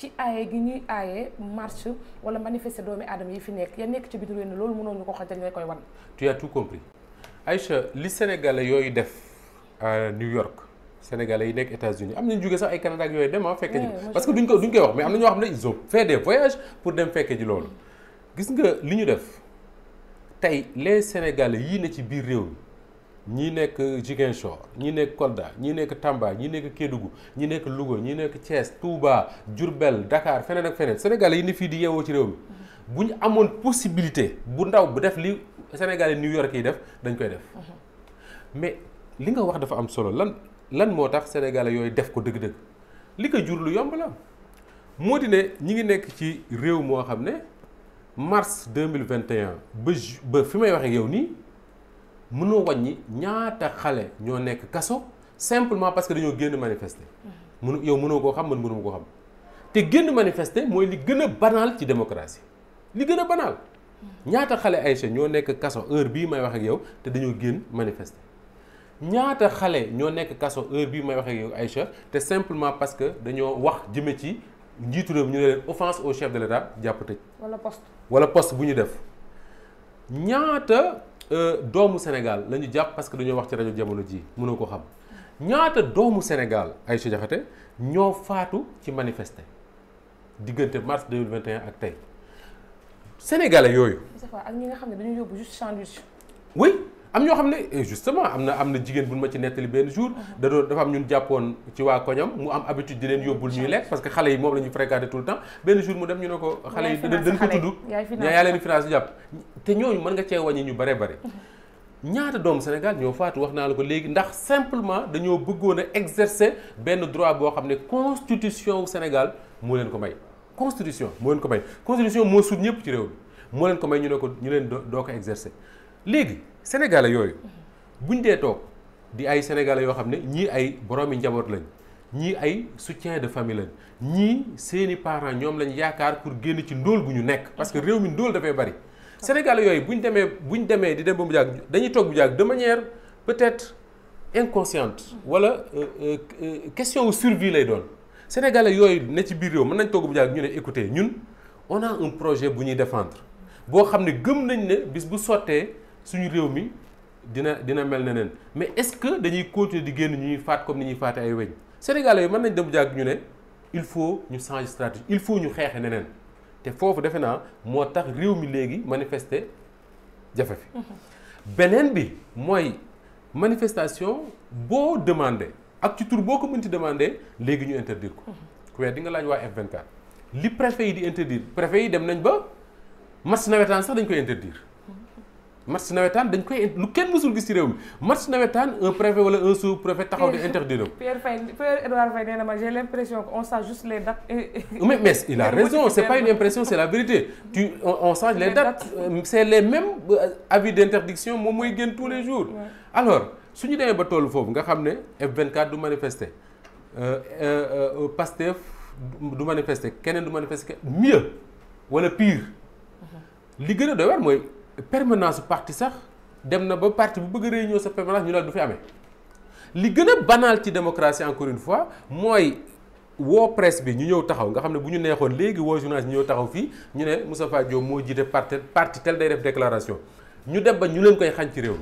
ci aaye gi ñuy aaye marche wala manifester doomi aadama yi fi nekk ya nekk ci bitim réew loolu mënoo ñu ko xajal ñu koy wan. tu as tout compris Aïcha li sénégalais yooyu def à New York. Sénégalais yi nekk États-Unis am nañu jóge sax ay Canada ak yooyu dem a ah, fekke ji eh, parce que duñ ko duñ koy wax mais am na ñoo xam ne ils ont fait des pour dem fekke ji loolu mm. gis nga li ñu def tey les Sénégalais yii ne ci biir réew mi ñii nekk Ziguinchor ñii nekk Kolda ñii nekk Tamba ñii nekk Kédougou ñi nekk Louga ñii nekk Thiès Touba Diourbel Dakar feneen ak feneen Sénégal yi ni fii di yeewoo ci réew mi bu ñu amoon possibilité bu ndaw bu def li Sénégal yi New York yi def dañ koy def mais li nga wax dafa am solo lan lan moo tax sénégalais yooyu def ko dëgg-dëgg li ko jur lu yomb la moo di ne ñi ngi nekk ci réew moo xam ne mars 2021 ba ju ba fi may waxee yow nii mënoo ñi ñaata xale ñoo nekk kaso simplement parce que dañoo génn manifesté munu mhm. yow mënoo koo xam man mënuma koo xam te génn manifesté mooy li gën a banal ci démocratie li gën a banal mhm. ñaata xale Aïcha ñoo nekk kaso heure bii may wax yow te dañoo génn manifester ñaata xale ñoo nekk kaso heure bii may wax ak yow Aïcha te simplement parce que dañoo wax jëmme ci njiitu réew ñu ne leen offense au chef de l'État jàpp tëj. wala poste wala poste bu ñu def ñaata. Euh, doomu Sénégal lañu jàpp parce que dañoo wax ci rajo jamono ji mënoo ko xam ñaata doomu Sénégal Aïcha Diakhaté ñoo faatu ci manifeste diggante mars 2021 ak tey sénégalais yooyu. ak ñi nga xam ne dañu yóbbu am ñoo xam ne et eh, justement am na am na jigéen bu ñu ma ci nettali benn jour da doon dafa am ñun jàppoon ci waa koñam mu am habitude di leen yóbbul ñuy lekk parce que xale yi moom la ñuy fréquenté tout le temps benn jour mu dem ñu ne ko xale yi dañ ko tudd yaa te ñooñu mën nga cee wàññi ñu bare bare ñaata doomu Sénégal ñoo faatu wax naa la ko léegi ndax simplement dañoo bëggoon a exercer benn droit boo xam ne constitution wu Sénégal moo leen ko may constitution moo leen ko may constitution moo suut ñëpp ci réew moo leen ko may ñu ne ko ñu leen doo ko exercer léegi sénégalais yooyu buñ dee toog di ay sénégalais yoo xam ne ñii ay boroomi njaboot lañ ñii ay soutien de famille lañ ñii seeni parents ñoom lañ yaakaar pour génn ci ndóol bu ñu nekk. parce que réew mi ndóol dafay bari. sénégalais yooyu buñ demee buñ demee di dem ba mu jàgg dañuy toog bu jàgg de manière peut-être inconsciente wala euh, euh, euh, question wu survie lay doon sénégalais yooyu ne ci biir réew mën nañ toog bu jàgg ñu ne écoutez ñun on a un projet bu ñuy défendre boo xam ne gëm nañ ne bis bu sottee. suñu réew mi dina dina mel ne neen mais est-ce que dañuy continuer di génn ñuy faat comme ni ñuy faate ay weñ Sénégalais yi mën nañ dem jàgg ñu ne il faut ñu changer stratégie il faut ñu xeexe neneen te foofu defe naa moo tax réew mi léegi manifester jafe fi mhm. beneen bi mooy manifestation boo demandé ak ci tur boo ko mënti demandé léegi ñu interdire ko mhm. ku weer di nga laaj waa F24 li préfet yi di interdire préfet yi dem nañ ba match nawetaan sax dañ koy interdire match nawetaan dañ koy lu kenn mësul gis ci réew mi match nawetaan un préfet wala un sous préfet taxaw di interdire. Pierre ma les dates. mais mais il a raison c'est pas une impression c'est la vérité. tu on change les dates euh, c'est les mêmes euh, avis d'interdiction moom mooy génn tous les jours. alors su ñu demee ba tollu foofu nga xam ne F24 du manifester euh, Pastef du manifester keneen du manifester mieux wala pire. Mhm. li gën a doy waar mooy. permanence parti sax dem na ba parti bu bëgg a réunion sa permanence ñu laal du fi amee li gën a banaal ci démocratie encore une fois mooy woo presse bi ñu ñëw taxaw nga xam ne bu ñu neexoon léegi woo journaliste ñu ñëw taxaw fii ñu ne Moustapha Diop moo jiite parti parti tel day def déclaration ñu dem ba ñu leen koy xañ ci réew mi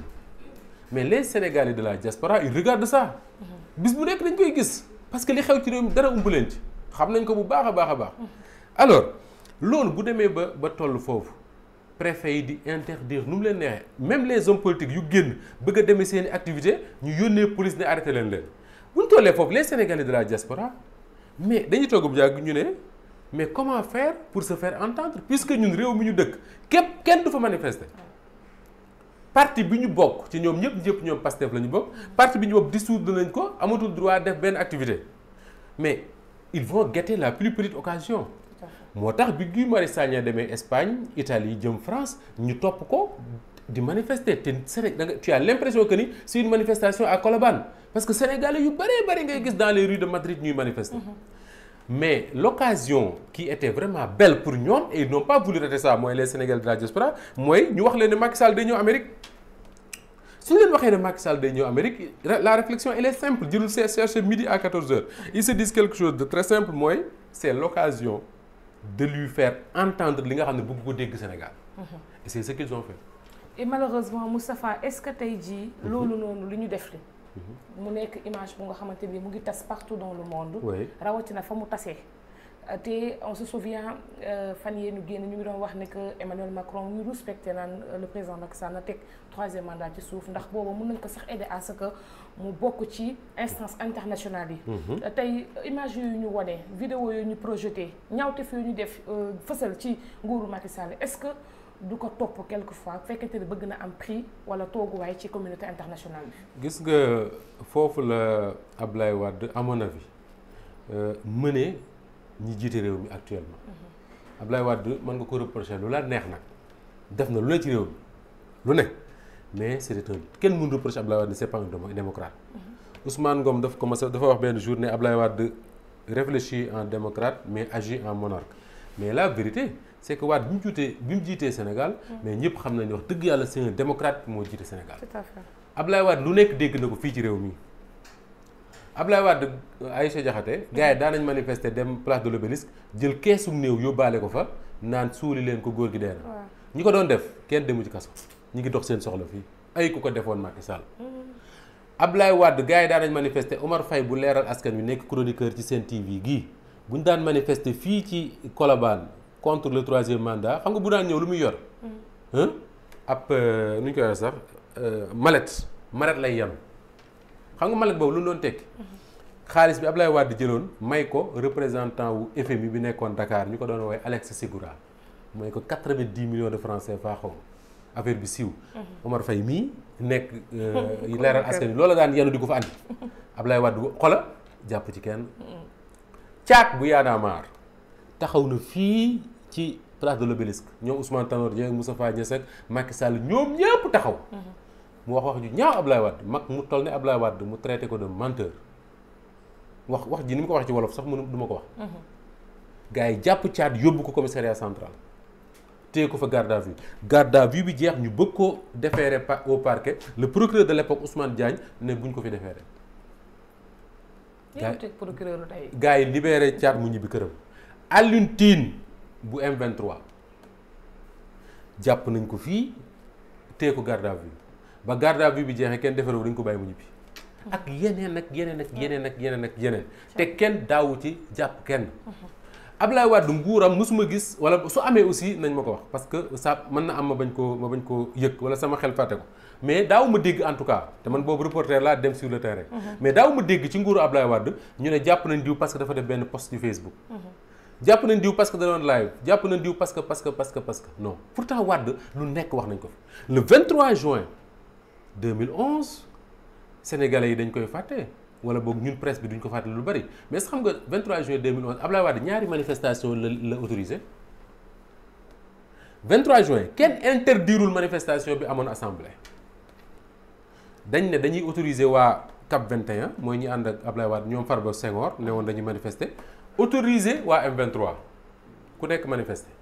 mais les Sénégalais de la diaspora ils regardent sax mm-hmm. bis bu nekk dañ koy gis parce que li xew ci réew mi dara umb leen ci xam nañ ko bu baax a a baax alors loolu bu demee ba ba toll foofu préfet yi di interdire nu mu leen neexee même les hommes politiques yu génn bëgg a demee seen i activité ñu yónnee police ne arrêté leen leen bu ñu tollee foofu les sénégalais de la diaspora mais dañuy toog bu yàgg ñu ne mais comment fair pour se faire entendre puisque ñun réew mi ñu dëkk képp kenn du fa manifester. parti bi ñu bokk ci ñoom ñëpp ñëpp ñoom Pastef la ñu bokk parti bi ñu bokk dissoudre nañ ko amatul droit def benn activité mais il vont guetter la plus petite moo tax bi Guy Marius Sagna demee Espagne Italie jëm France ñu topp ko di manifester te Séné da nga tu as ni c' une manifestation à Colobane parce que sénégalais yu bare bëri ngay gis dans les rues de Madrid ñuy manifester. Mm-hmm. mais l'occasion qui était vraiment belle pour ñoom et ils n'ont pas voulu rater mooy les sénégalais de la diaspora mooy ñu wax leen ne Macky Sall day ñëw Amérique. su ñu leen waxee ne Macky Sall day ñëw Amérique la réflexion elle est simple jëlul chercher midi à 14h ils de lui faire entendre li nga xam ne bëgg ko dégg Sénégal. Mhm. et c'est ce qu'ils ont fait. et malheureusement Moustapha est-ce que tey jii. Mhm. loolu noonu li ñu def li mhm. mu nekk image bu nga xamante ni mu ngi tas partout dans le monde. rawatina fa mu tasee. te on se souvient euh, fan yee ñu génn ñu ngi doon wax ne que Emmanuel Macron ñu respecté naan euh, le président Macky Sall na teg troisième mandat ci suuf ndax booba mun nañ ko sax aider à que mu bokk ci instance internationale yi mhm. euh, tey image yooyu ñu wone vidéo yooyu ñu projeté ñaawtef yooyu ñu def fësal ci nguuru Macky Sall ce que du ko topp quelque fois fekkente ne bëgg na am prix wala tooguwaay ci communauté internationale bi gis nga foofu la Ablaye Wade à mon avis mëne ñi jiite réew mi actuellement Abdoulaye Wade mën nga ko reprocher lu la neex nag def na lu ne ci réew mi lu ne mais c' kenn mënu reprocher Abdoulaye Wade ne c' est pas un démocrate Ousmane dafa wax benn jour ne Abdoulaye Wade réfléchit en démocrate mais agit en monarque mais la vérité c' est que Wade bi mu jiitee bi jiitee Sénégal mais ñëpp xam nañu wax dëgg yàlla c' est moo jiite Sénégal tout à fait lu nekk dégg na ko fii ci réew mi Ablaye Wade Aïcha Diakhaté gars yi daan nañ manifester dem place de l'Obélisque jël keesum néew yóbbaale ko fa naan suuli leen ko góor gi dee na ñi ko doon def kenn demu ci kaso ñi ngi dox seen soxla fii ay ku ko defoon Macky Sall mm-hmm. Ablaye Wade gars yi daan nañ manifester Omar Faye bu leeral askan wi nekk chroniqueur ci seen TV gii bu daan manifester fii ci Colobane contre le troisième mandat xam nga bu daan ñëw lu muy yor mm-hmm. ab euh, nu ñu koy waxee sax euh, mallette mallette lay yem xam nga mallette boobu lu doon tekki xaalis bi lay Wade jëloon may ko représentant wu FMI bi nekkoon Dakar ñu ko doon woowee Alex Sigura may ko quatre vingt di millions de francs CFA xaw affaire bi siiw. Mhm. Omar Faye mii nekk. Euh, leeral askan wi loola daan yenu di ko fa andi. Ablaye Wade xola jàpp ci kenn. Mhm. caat bu yaadaamaar taxaw na fii ci place de l'Obélisque ñoom Ousmane Tanor Dieng Moustapha Niasse ak Macky Sall ñoom ñëpp taxaw. Mhm. mu wax wax ju ñaaw Ablaye Wade mag mu toll ne Ablaye Wade mu traité ko de menteur wax wax ji ni mu ko wax ci wolof sax mënu du duma ko wax. Mhm. gars yi jàpp caat yóbbu ko commissariat central. te ko fa garde à vue garde à vue bi jeex ñu bëgg ko déférer au parquet le procureur de l'époque Ousmane Diagne ne buñ ko fi déférer. gaa yi procureur tey. gars yi libéré caat mu ñibbi këram. Alioune bu m jàpp nañ ko fii téye ko garde à vue. ba garde à vue bi jeexee kenn defaree dañ ko bàyyi mu ñibbi. ak yeneen ak yeneen ak yeneen ak yeneen ak yeneen. te kenn daawu ci jàpp kenn. Ablaye Wade nguuram mosuma gis wala su amee aussi nañ ma ko wax parce que ça mën am ma bañ koo koo yëg wala sama xel fàtte ko mais daaw ma dégg en tout cas te man boobu reporter laa dem sur le terrain. Mhm. mais daaw ma dégg ci nguuru Ablaye Wade ñu ne jàpp nañ diw parce que dafa def benn post ci Facebook. Mhm. jàpp nañ diw parce que da doon live jàpp nañ diw parce que parce que parce que parce wax nañ ko fi le 23 2011 sénégalais yi dañ koy fàtte wala boog ñun presse bi duñ ko fàtte lu bari mais xam nga 23 juin 2011 Ablaye Wade ñaari manifestation la la autorisé 23 juin kenn interdirul manifestation bi amoon assemblée dañ ne dañuy autorisé waa CAP 21 mooy ñi ànd ak Ablaye Wade ñoom Farba Senghor ne woon dañuy manifester autorisé waa M23 ku nekk manifester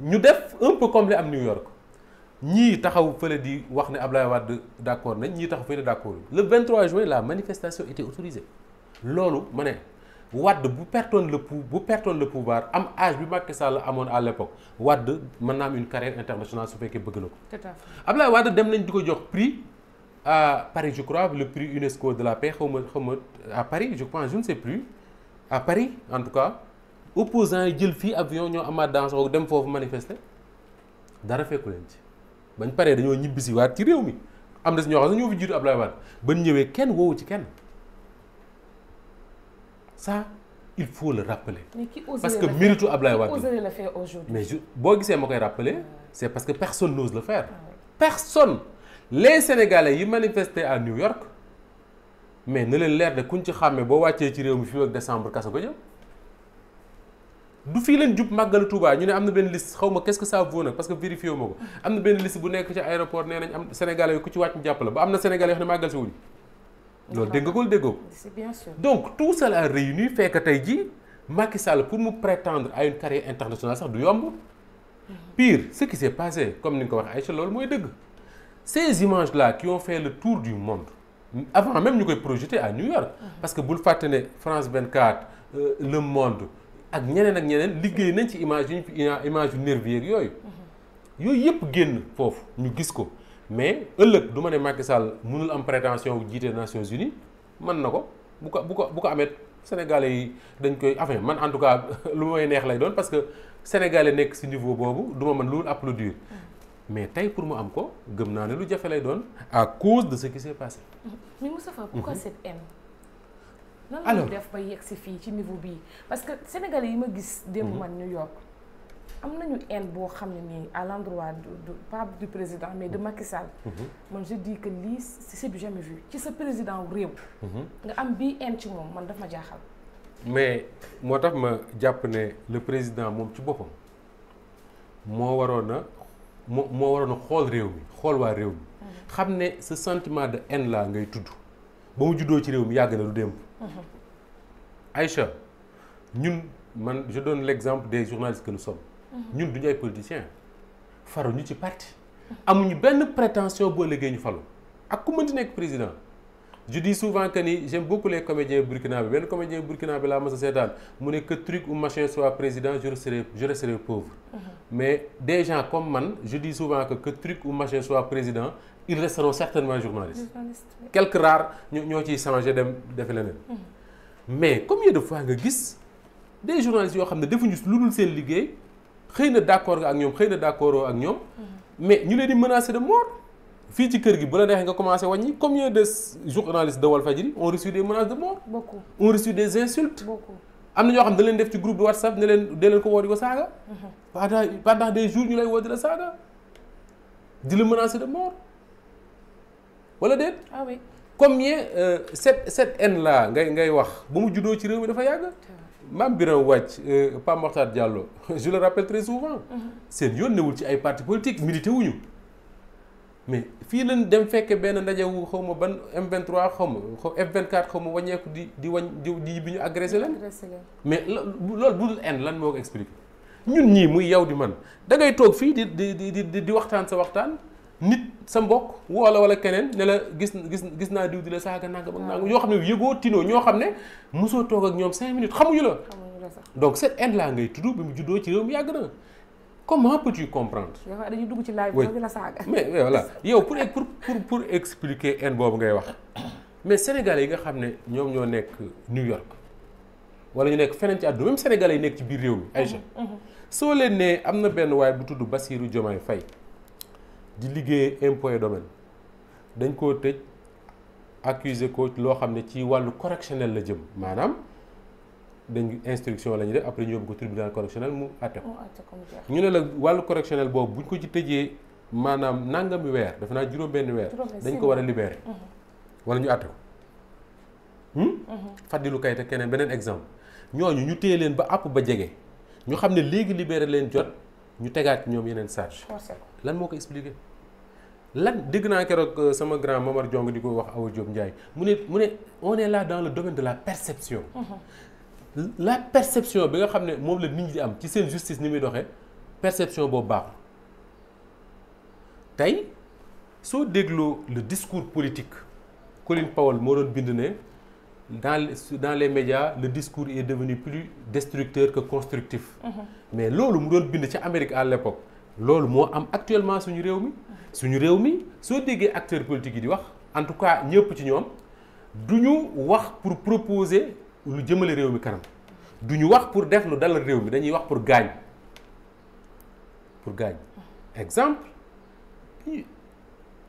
ñu def un peu comme li am New York. ñii taxaw fële di wax ne Ablaye Wade d' accord nañ ñii taxaw fële d' le 23 juin la manifestation était autorisée loolu ma ne Wade bu pertoon le pou bu pertoon le pouvoir am âge bi Macky Sall amoon à l' époque Wade mën naa am une carrière internationale su fekkee bëgg na ko. tout à fait dem nañ di ko jox prix à Paris je crois le prix UNESCO de la paix xaw ma xaw ma à Paris je pense je ne sais plus à Paris en tout cas opposants yi jël fii avion ñoo amaat dans dem foofu manifester dara fekku leen ci. bañ paree dañoo ñibbisi waat ci réew mi am na si ñoo xam ne ñoo fi jiitu Abdoulaye Wade bañ ñëwee kenn woowu ci kenn ça il faut le rappeler. parce que méritu Abdoulaye Wade mais boo gisee ma koy rappeler c'est parce que personne n'ose le faire. personne les sénégalais yi manifesté à New York mais na leen leer de kuñ ci xàmmee boo wàccee ci réew mi fii ak décembre kaso ko jëm. du fii leen jub màggalu Touba ñu ne am na benn liste xaw ma qu'est-ce que ça vaut nag parce que vérifié wu ma ko am na benn liste bu nekk ci aéroport nee nañ am sénégalais yi ku ci wàcc ñu jàpp la ba am na sénégalais yoo xam ne màggal si wuñ loolu dégg nga ko déggoo donc tout cela réuni fait que tey jii Macky Sall pour mu prétendre à une carrière internationale sax du yomb mm-hmm. pire ce qui s'est passé comme ni nga ko waxee Aïcha loolu mooy dëgg ces images là qui ont fait le tour du monde avant même ñu koy projeté à New mm-hmm. parce que bul fàtte ne France 24 euh, le monde ak ñeneen ak ñeneen liggéey nañ ci image yu ñu fi image yu nerveux yooyu yooyu yëpp génn foofu ñu gis ko mais ëllëg du ma ne Macky Sall mënul am prétention jiite Nations Unies man na ko bu ko bu ko bu ko amee sénégalais yi dañ koy enfin man en tout cas lu may neex lay doon parce que sénégalais nekk si niveau boobu duma man mën loolu applaudir mais tey pour mu am ko gëm naa ne lu jafe lay doon à cause de ce qui s'est passé. nan la ñuy def ba yegg si fii ci niveau bii parce que sénégalais yi ma gis. démb mhm. man New York. am nañu haine boo xam ne nii à l'endroit du pas du président mais de mhm. Macky Sall. Mhm. man je dis que lii c'est du jamais sa président réew. nga am bii haine ci moom man daf ma jaaxal. mais moo tax ma jàpp ne le président moom ci boppam moo waroon a moo moo xool réew mi xool waa réew mi. xam ne sa sentiment de haine laa ngay tudd ba mu juddoo ci réew mi yàgg na lu démb. Mm-hmm. Aïcha ñun man je donne l'exemple des journalistes que nous sommes. Mm-hmm. ñun duñu ay politiciens faru ñu ci parti. amuñu benn prétention boo liggéey ñu falu ak ku mënti nekk président. je dis souvent que ni j'aime beaucoup les comédiens burkinabé benn comédien burkinabé laa mas seetaan mu ne que truc ou machin soit président je resterai je resterai pauvre. Mm-hmm. mais des gens comme man je dis souvent que que truc ou machin soit président ils resteront certainement journalistes. quelques rares ñu ñoo ci changé dem defi leneen. mais combien de fois nga gis des journalistes yoo xam ne defuñu lu dul seen liggéey xëy na d'accord nga ak ñoom xëy na d'accord ak ñoom. mais ñu leen di menacer de mort. fii ci kër gi bu la neexee nga commencé wàññi combien de journalistes de Walfadjri ont reçu des menaces de mort. beaucoup ont reçu des insultes. beaucoup am na ñoo xam ne da leen def ci groupe de WhatsApp ne leen dee leen ko ñu lay di la saaga di la menacer de wala déet. comme ah oui combien euh, cette cette haine là ngay ngay wax ba mu juddoo ci réew mi dafa yàgg. maam Birame Wathie euh, Pape Makhtar Diallo je le rappelle très souvent. Mm-hmm. seen yoon newul ci ay partie politique milité wuñu mais fii lañ dem fekke benn ndaje wu xaw ma ban M23 xaw ma F24 xaw ma wàññeeku di di wañ di bi ñu agressé leen. mais loolu bu dul haine lan moo ko expliqué ñun ñii muy yow di man da ngay toog fii di di di di di di waxtaan sa waxtaan. nit sa mbokk woola wala keneen ne la gis gis gis naa diw di la saaga nangam ak nangam yoo xam ne yëgoo tinoo ñoo xam ne mosoo toog ak ñoom cinq minutes xamuñu la donc cette haine là ngay bi mu juddoo ci réew yàgg na comment peux-tu comprendre dugg ci live bi la saaga mais voilà yow pour pour pour pour expliquer haine boobu ngay wax mais sénégal yi nga xam ne ñoom ñoo nekk New York walla ñu nekk feneen ci àdduna même sénégalais yi nekk ci biir réew mi ay soo leen nee am na benn waaye bu tudd Bassirou Diomaye fay di liggéeyee impôt et domaine dañ koo tëj accuser ko loo xam ne ci wàllu correctionnel la jëm maanaam dañ instruction la ñu après ñu yóbbu ko tribunal correctionnel mu àtte ko ñu ne la wàllu correctionnel boobu buñ ko ci tëjee maanaam nangami weer dafa naa juróom-benn weer dañ ko war a libérer mhm. wala ñu àtte ko hmm? mhm. Fadilou Keita keneen beneen exemple ñooñu ñu téye leen ba àpp ba jege ñu xam ne léegi libéré leen jot ñu tegaat ñoom yeneen charge lan moo ko expliqué lan dégg naa keroog euh, sama grand Momar Diong di ko wax Awa Diop Ndiaye mu ne mu ne on est là dans le domaine de la perception. Mm-hmm. la perception bi nga xam ne moom la nit ñi di am ci seen justice ni muy doxe perception boobu baaxul tey soo dégloo le discours politique Colin Powell moo doon bind ne. dans les dans les médias le discours est devenu plus destructeur que constructif. Mhm. mais loolu mu doon bind ci Amérique à l'époque loolu moo am actuellement suñu réew mi. suñu réew mi soo déggee acteur politiques yi di wax en tout cas ñëpp ci ñoom du ñu wax pour proposer lu jëmale réew mi kanam du ñu wax pour def lu dalal réew mi dañuy wax pour gaañ pour gaañ exemple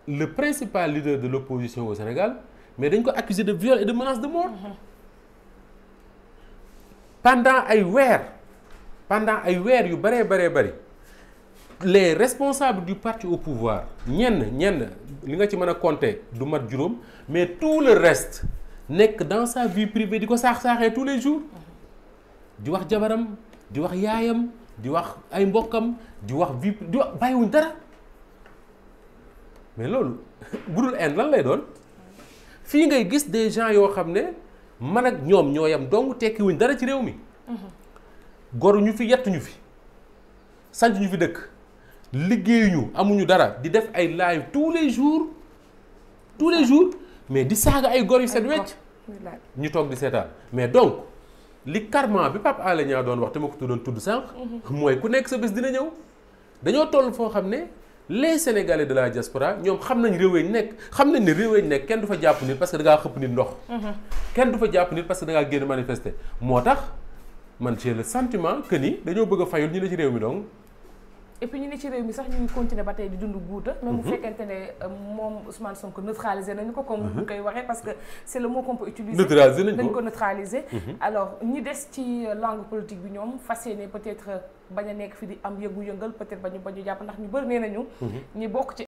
le principal leader de l'opposition au Sénégal. mais dañ ko accusé de viol de menace de mort. pendant ay weer pendant ay weer yu bëree bëree bëri les responsables du parti au pouvoir ñenn ñenn li nga ci mën a compter du mat juróom mais tout le rest nekk dans sa vie privée di ko saax-saaxee tous les jours di wax jabaram di wax yaayam di wax ay mbokkam di wax vie di wax bàyyiwuñ dara mais loolu budul en lan lay doon fii ngay gis des gens yoo xam ne man ak ñoom ñoo yam dong tekkiwuñ dara ci réew mi. Mhm. goruñu fi yettuñu fi sanc ñu fi dëkk liggéeyuñu amuñu dara di def ay live tous les jours tous les jours mais di saaga ay gor yu set wecc ñu toog di seetaan mais donc li karma bi Pape Alé doon wax te ma ko tuddoon tudd sànq. Mhm. mooy ku nekk sa bés dina ñëw dañoo toll foo xam ne. les sénégalais de la diaspora ñoom xam nañ réew yi nekk xam nañ ne réewee nekk kenn du fa jàpp nit parce que da ngaa xëpp nit ndox. Mhm. kenn du fa jàpp nit parce que da ngaa génn manifester moo tax man j'ai le sentiment que dañoo bëgg a fayul ñu ne ci réew mi donc et puis ñu ne ci réew mi sax ñu ngi continuer ba tey di dund guuta mhm. même bu fekkente ne euh, moom Ousmane Sonko neutralisé nañu ko comme mhm. ñu koy waxee parce que c'est le mot qu'on peut utiliser dañ ko neutraliser mhm. alors ñi des ci euh, langue politique bi ñoom fas yéene peut-être bañ a nekk fi di am yëngu-yëngal peut-être bañu bañu jàpp ndax ñu bëri nee nañu ñi bokk ci